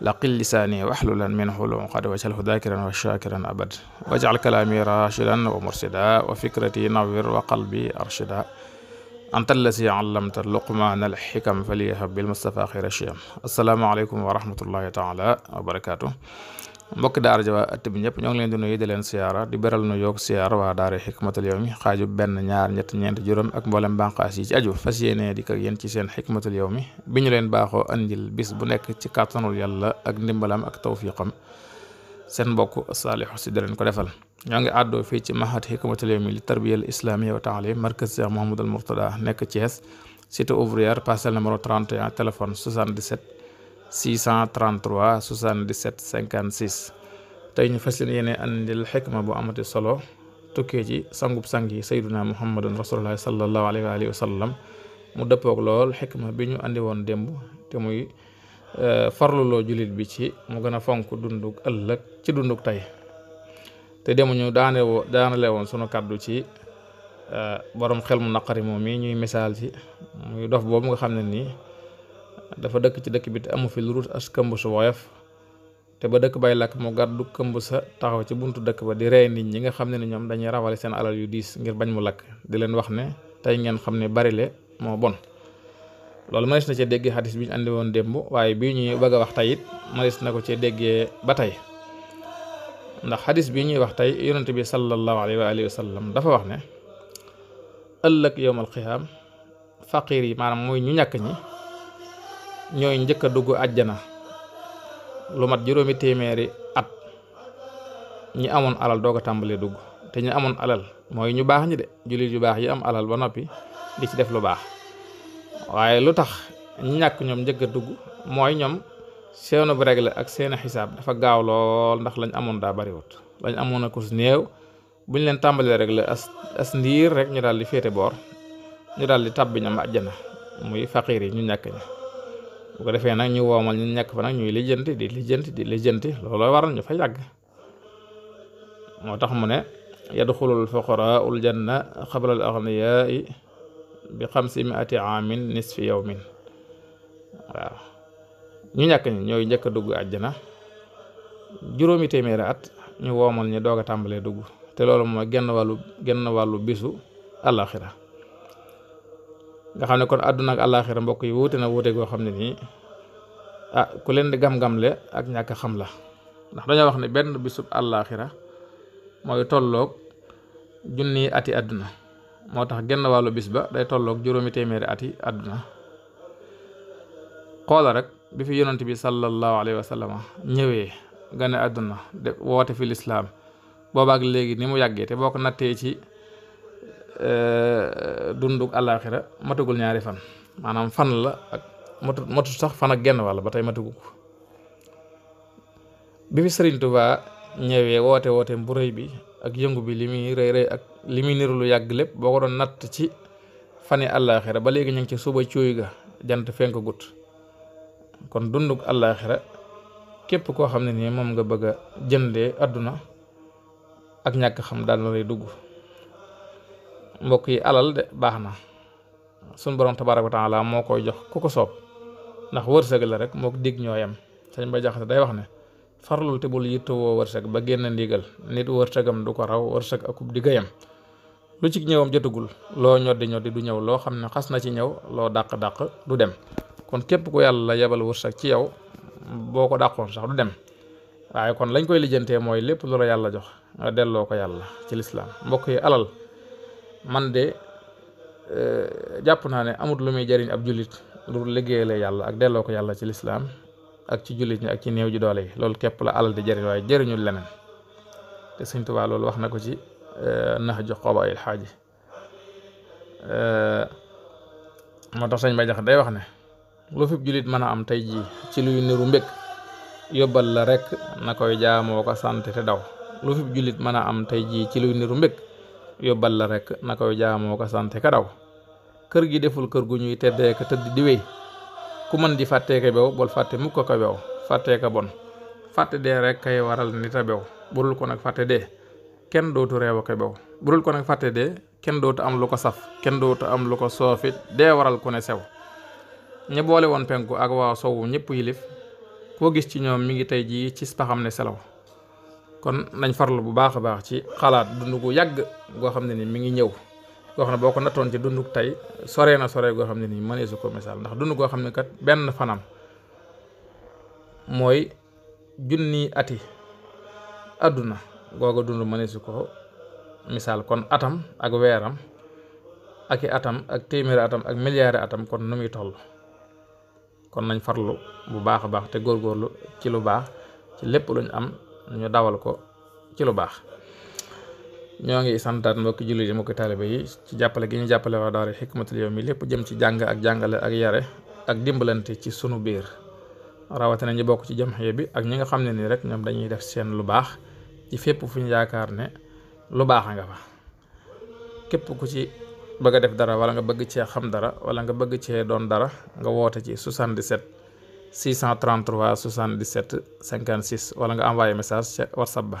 laqil lisaani waxlulan minhu lunqad waj'alhu dhaakiran wa shaakiran abad waj'al kalaami raashidan wa mursida wa fikrati nawwir wa qalbi arshida anta allasi allamta luqmaana alxikam faliyahab bilmustafa xayra shiyam assalaamu aleykum wa rahmatullahi taala wa barakaatu mbokki daara ja waa ëtt bi ñoo ngi leen di nuyu di leen siyaara di beral nu yoog siyaara waa daara xikmatul yawmi xaaju benn ñaar ñett ñeent juróom ak mboolem bànqaas yi ci aju fas yéene di ko yéen ci seen xikmatul yawmi bi ñu leen baaxoo andil bis bu nekk ci kàttanul yàlla ak ndimbalam ak tawfiqam seen mbokk saalihu si di leen ko defal ñoo ngi àddoo fii ci mahad xikmatul yawmi li tarbiyal islamiya wa taalim markaz Cheikh Mouhamadul Mourtada nekk Thiès cité ouvrière 633 77 56 tey ñu fas yéene andil xikma bu amati solo tukkee ci sangub sang yi sayduna muhammadun rasulullah sallallahu alayhi wa alihi wa sallam mu dëppoog lool xikma bi ñu andi woon démb te muy e, farluloo jullit bi ci mu gën a fonk dunduk ëllëg ci dunduk tey te demuñu daane woo daanale woon sunu kàddu ci e, boroom xel mu naqari moom mii ñuy misaal ci muy dof boobu nga xam ne nii dafa dëkk ci dëkk bi te amu fi lu as këmb su woyof te ba dëkk bay lakk mu gàddu këmb sa taxaw ci buntu dëkk ba di rey nit ñi nga xam ne ni ñoom dañuy rawale seen alal yu diis ngir bañ mu lakk di leen wax ne tey ngeen xam ne bari barile moo bon loolu mënees na cee déggee xadis bi ñu andi woon démb waaye bi ñuy bëgg a wax tey it na ko cee déggee ba tey ndax xadis bi ñuy wax tey yonent bi sallallahu alayhi wa alihi wa sallam dafa wax ne ëllëg yowmal qiyaam faqiir yi maanaam mooy ñu ñàkk ñi ñooy njëkk a dugg àjjana lu mat juróomi téeméeri at ñi amoon alal doo ko tàmbalee dugg te ñi amoon alal mooy ñu baax ñi de jullit yu baax yi am alal ba noppi di ci def lu baax waaye lu tax ñi ñàkk ñoom njëkk a dugg mooy ñoom seenu bu la ak seeni xisaab dafa gaaw lool ndax lañ amoon daa bariwut lañ amoon a kus néew bu ñu leen tàmbalee réglé as as ndiir rek ñu daal di féete boor ñu daal di tàbbi ñam àjjana muy faqiir yi ñu ñàkk ña bu ko defee nag ñu woomal ñu nekk fa nag ñuy lijjanti di lijjanti di lijjanti looloo waral ñu fa yàgg moo tax mu ne yadxulul fuqaraa'ul janna qabla al aghniyaa'i bi xamsi mi'ati aamin nisfi yawmin waaw ñu ñàkk ñi ñooy njëkk a dugg àjjana juróomi téeméeri at ñu woomal ñu doog a tàmbalee dugg te loolu mooy genn wàllu genn wàllu bisu àllaaxira nga xam ne kon àdduna ak àllaaxira mbokk yi wuute na wuute goo xam ne nii ah ku leen di gam-gamle ak ñàkk xam la ndax dañoo wax ne benn bisub àllaaxira mooy tolloog junniy ati àdduna moo tax genn wàllu bis ba day tolloog juróomi téeméeri ati àdduna xoola rek bi fi yonent bi sallallahu alayhi wa sallam ñëwee gane àdduna de woote fi lislaam boobaak léegi ni mu yàggee te boo ko nattee ci Euh, dunduk àllaaxira matagul ñaari fan maanaam fan la ak matu matu sax fan ak genn walla ba tey matugu ko bi fi Sëriñ Tuubaa ñëwee woote woote bu rëy bi ak yëngu bi li muy rëy rey ak li muy niru lu yàgg lépp boo ko doon natt ci fani àllaaxira ba léegi ñu ngi ci suba cuuy ga jant fenk gut kon dunduk àllaaxira képp koo xam ne nii moom nga bëgg a jëndee àdduna ak ñàkk xam daal na lay dugg mbokk yi alal de baax na suñ borom tabaaraka wa taala moo koy jox ku ko soob ndax wërsëg la rek moo ko dig ñoo yem sañ ba jaxase day wax ne farlul te bul yittewoo wërsëg ba génn ndigal nit wërsëgam du ko raw wërsëg akub diggayam lu ci ñëwam jotagul loo ñoddi ñoddi du ñëw loo xam ne xas na ci ñëw loo dàq-dàq du dem kon képp ku yàlla la yebal wërsëg ci yow boo ko dàqoon sax du dem waaye kon lañ koy lijjantee mooy lépp lu la yàlla jox delloo ko yàlla ci lislaam man de euh, jàpp naa ne amut lu muy jariñ ab jullit lu liggéeyale yàlla ak delloo ko yàlla ci lislaam ak ci jullit ñi ak ci néew ji doole yi loolu képp la alal di jëriñ waaye jëriñul leneen te Sëñ Tuubaa loolu wax na ko ci euh, nax ju xooba ay xaaji euh, moo tax sëñ Bay Jaxate day wax ne lu fi jullit mën a am tey jii ci luy niru mbég la rek na koy jaamoo daw lu yóbbal la rek na koy jaamoo ko sante ka daw kër gi deful kër gu ñuy teddee ka tëdd di wéy ku mën di fàtte ka bew bul fàtte mukk ko bew fàttee ko bon fàtte dee rek kay waral nit a bew burul ko nag fàtte dee kenn dootu reew a ko bew burul ko nag fàtte dee kenn dootu am lu ko saf kenn dootu am lu ko soofit dee waral ku ne sew ña boole woon penku ak waa sowu ñëpp yilif koo gis ci ñoom mi ngi tey jii ci paxam ne selaw kon nañ farlu bu baax a baax ci xalaat dund gu yàgg goo xam ne ni mi ngi ñëw goo xam ne boo ko nattoon ci dunduk tey soree na sore goo xam ne nii mënee ko misaal ndax dund goo xam ne kat benn fanam mooy junni ati àdduna googa dund mënee ko misaal kon atam ak weeram ak atam ak téeméeri atam ak milliards atam kon nu muy toll kon nañ farlu bu baax a baax te góorgóorlu ci lu baax ci lépp luñ am ñu dawal ko ci lu baax ñoo ngi santaat mbokki jullit yi mbokki taaliba yi ci jàppale gi ñu jàppale waa daara Hikmatul Yawmi lépp jëm ci jàng ak jàngale ak yare ak dimbalante ci sunu biir rawatina ñu bokk ci jamxiya bi ak ñi nga xam ne nii rek ñoom dañuy def seen lu baax ci fépp fu ñu yaakaar ne lu baax nga fa képp ku ci bëgg def dara wala nga bëgg cee xam dara wala nga bëgg cee doon dara nga woote ci 77 633 77 56 wala nga envoyé message ca whatsapp ba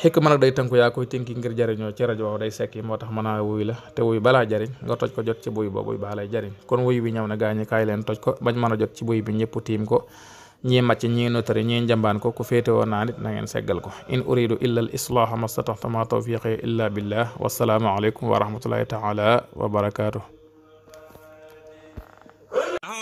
xikma nag day tënku yaa koy tënki ngir jariñoo ci rajo day sekki moo tax mën a wuy la te wuy balaa jariñ nga toj ko jot ci buy boobu buy baa lay jariñ kon wuy bi ñëw na gaañi kaay leen toj ko bañ mën a jot ci buy bi ñëpp tiim ko ñii màcc ñii notari ñii njambaan ko ku féete woon naa nit na ngeen seggal ko in uridu illa al islaaha mastataxtama tawfiqi illa billah wasalaamu aleykum wa rahmatullahi taala wa barakatuh